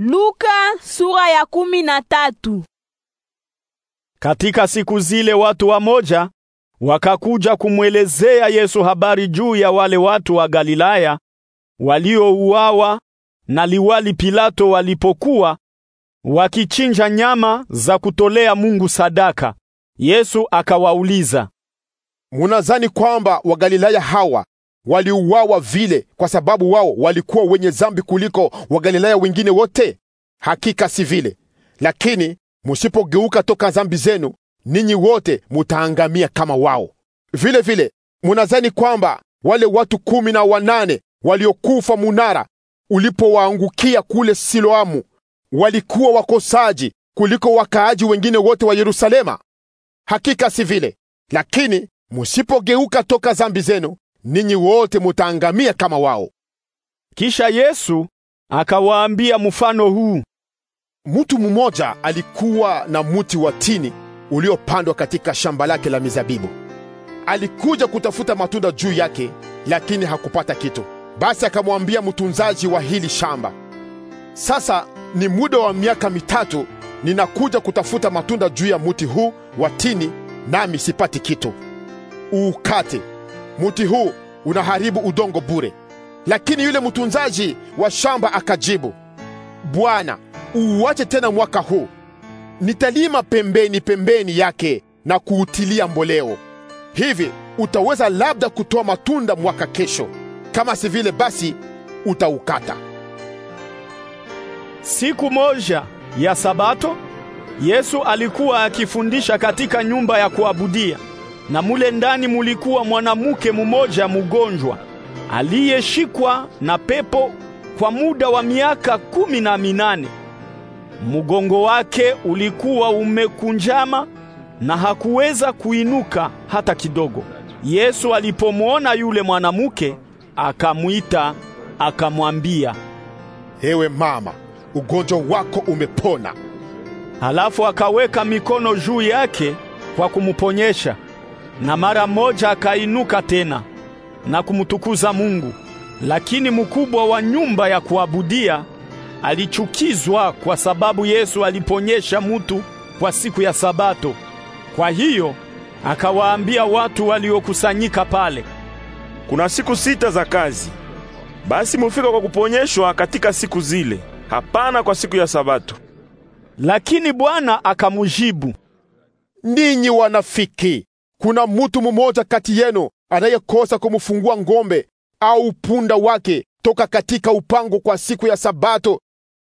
Luka sura ya kumi na tatu. Katika siku zile watu wamoja wakakuja kumwelezea Yesu habari juu ya wale watu wa Galilaya waliouawa na liwali Pilato walipokuwa wakichinja nyama za kutolea Mungu sadaka. Yesu akawauliza, Munazani kwamba Wagalilaya hawa waliuawa vile kwa sababu wao walikuwa wenye zambi kuliko Wagalilaya wengine wote? Hakika si vile. Lakini musipogeuka toka zambi zenu, ninyi wote mutaangamia kama wao. Vile vile munazani kwamba wale watu kumi na wanane waliokufa munara ulipowaangukia kule Siloamu walikuwa wakosaji kuliko wakaaji wengine wote wa Yerusalema? Hakika si vile. Lakini musipogeuka toka zambi zenu ninyi wote mutaangamia kama wao. Kisha Yesu akawaambia mfano huu: mtu mmoja alikuwa na muti wa tini uliopandwa katika shamba lake la mizabibu. Alikuja kutafuta matunda juu yake, lakini hakupata kitu. Basi akamwambia mtunzaji wa hili shamba, sasa ni muda wa miaka mitatu ninakuja kutafuta matunda juu ya muti huu wa tini, nami sipati kitu. Uukate muti huu unaharibu udongo bure. Lakini yule mtunzaji wa shamba akajibu, Bwana, uuache tena mwaka huu, nitalima pembeni pembeni yake na kuutilia mboleo. Hivi utaweza labda kutoa matunda mwaka kesho, kama si vile basi utaukata. Siku moja ya Sabato Yesu alikuwa akifundisha katika nyumba ya kuabudia na mule ndani mulikuwa mwanamke mumoja mugonjwa aliyeshikwa na pepo kwa muda wa miaka kumi na minane. Mgongo wake ulikuwa umekunjama na hakuweza kuinuka hata kidogo. Yesu alipomwona yule mwanamke, akamwita akamwambia, ewe mama, ugonjwa wako umepona. Halafu akaweka mikono juu yake kwa kumuponyesha na mara moja akainuka tena na kumtukuza Mungu. Lakini mkubwa wa nyumba ya kuabudia alichukizwa kwa sababu Yesu aliponyesha mutu kwa siku ya Sabato. Kwa hiyo akawaambia watu waliokusanyika pale, kuna siku sita za kazi, basi mufika kwa kuponyeshwa katika siku zile, hapana kwa siku ya Sabato. Lakini Bwana akamujibu, ninyi wanafiki, kuna mutu mmoja kati yenu anayekosa kumfungua ng'ombe au punda wake toka katika upango kwa siku ya Sabato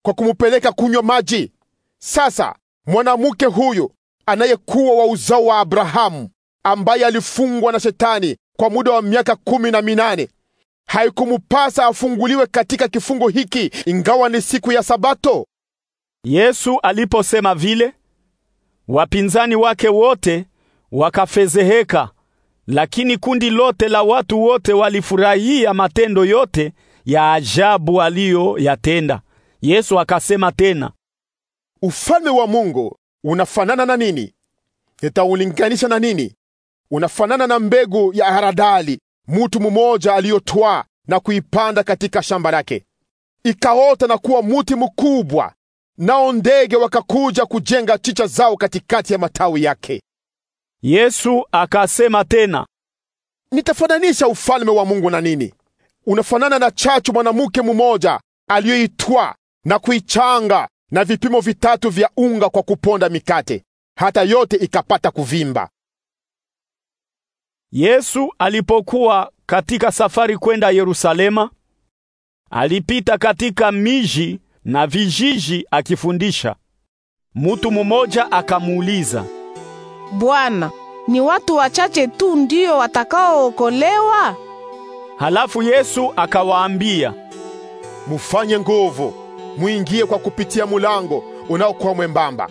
kwa kumupeleka kunywa maji. Sasa mwanamke huyu anayekuwa wa uzao wa Abrahamu, ambaye alifungwa na Shetani kwa muda wa miaka kumi na minane, haikumupasa afunguliwe katika kifungo hiki, ingawa ni siku ya Sabato? Yesu aliposema vile, wapinzani wake wote wakafezeheka, lakini kundi lote la watu wote walifurahia matendo yote ya ajabu aliyoyatenda. Yesu akasema tena, ufalme wa Mungu unafanana na nini? Nitaulinganisha na nini? Unafanana na mbegu ya haradali mutu mmoja aliyotwaa na kuipanda katika shamba lake, ikaota na kuwa muti mkubwa, nao ndege wakakuja kujenga chicha zao katikati ya matawi yake. Yesu akasema tena, nitafananisha ufalme wa Mungu na nini? Unafanana na chachu mwanamke mmoja aliyoitwa na kuichanga na vipimo vitatu vya unga kwa kuponda mikate, hata yote ikapata kuvimba. Yesu alipokuwa katika safari kwenda Yerusalema, alipita katika miji na vijiji akifundisha. Mutu mmoja akamuuliza Bwana, ni watu wachache tu ndio watakaookolewa? Halafu Yesu akawaambia, mufanye nguvu, muingie kwa kupitia mulango unaokuwa mwembamba,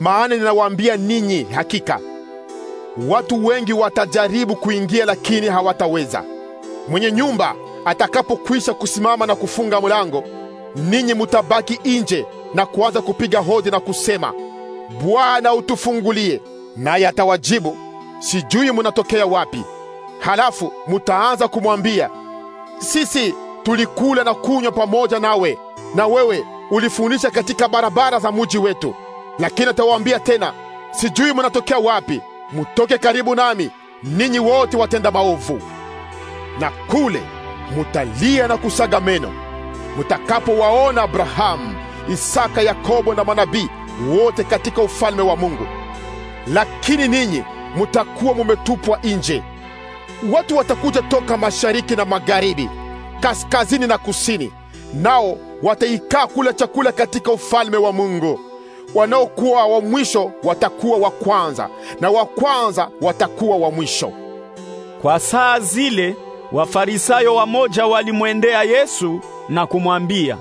maana ninawaambia ninyi, hakika watu wengi watajaribu kuingia, lakini hawataweza. Mwenye nyumba atakapokwisha kusimama na kufunga mulango, ninyi mutabaki nje na kuanza kupiga hodi na kusema, Bwana, utufungulie naye atawajibu, sijui munatokea wapi. Halafu mutaanza kumwambia, sisi tulikula na kunywa pamoja nawe na wewe ulifundisha katika barabara za muji wetu. Lakini atawaambia tena, sijui munatokea wapi, mutoke karibu nami ninyi wote watenda maovu. Na kule mutalia na kusaga meno mutakapowaona Abrahamu, Isaka, Yakobo na manabii wote katika ufalme wa Mungu, lakini ninyi mutakuwa mumetupwa nje. Watu watakuja toka mashariki na magharibi, kaskazini na kusini, nao wataikaa kula chakula katika ufalme wa Mungu. Wanaokuwa wa mwisho watakuwa wa kwanza, na wa kwanza watakuwa wa mwisho. Kwa saa zile Wafarisayo wamoja walimwendea Yesu na kumwambia,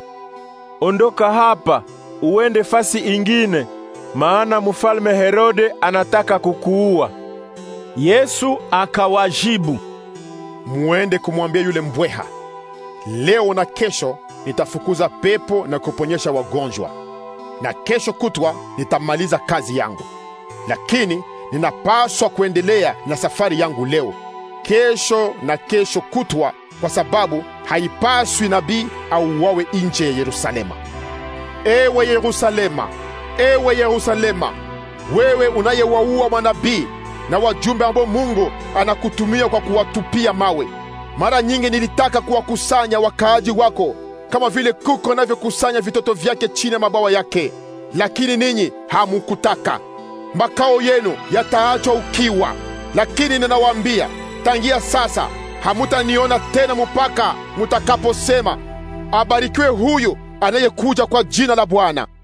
ondoka hapa uende fasi ingine maana mfalme Herode anataka kukuua. Yesu akawajibu, muende kumwambia yule mbweha, leo na kesho nitafukuza pepo na kuponyesha wagonjwa, na kesho kutwa nitamaliza kazi yangu, lakini ninapaswa kuendelea na safari yangu leo, kesho na kesho kutwa, kwa sababu haipaswi nabii auawe nje ya Yerusalema. Ewe Yerusalema, ewe Yerusalema, wewe unayewaua manabii na wajumbe ambao Mungu anakutumia kwa kuwatupia mawe. Mara nyingi nilitaka kuwakusanya wakaaji wako kama vile kuko anavyokusanya vitoto vyake chini ya mabawa yake, lakini ninyi hamukutaka. Makao yenu yataachwa ukiwa. Lakini ninawaambia, tangia sasa hamutaniona tena mpaka mutakaposema, abarikiwe huyu anayekuja kwa jina la Bwana.